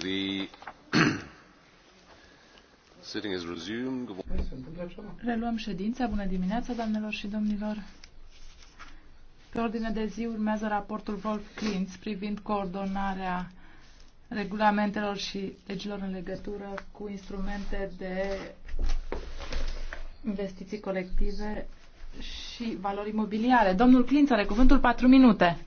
The sitting is resumed. Reluăm ședința. Bună dimineața, doamnelor și domnilor. Pe ordine de zi urmează raportul Wolf Klintz privind coordonarea regulamentelor și legilor în legătură cu instrumente de investiții colective și valori imobiliare. Domnul Klintz are cuvântul 4 minute.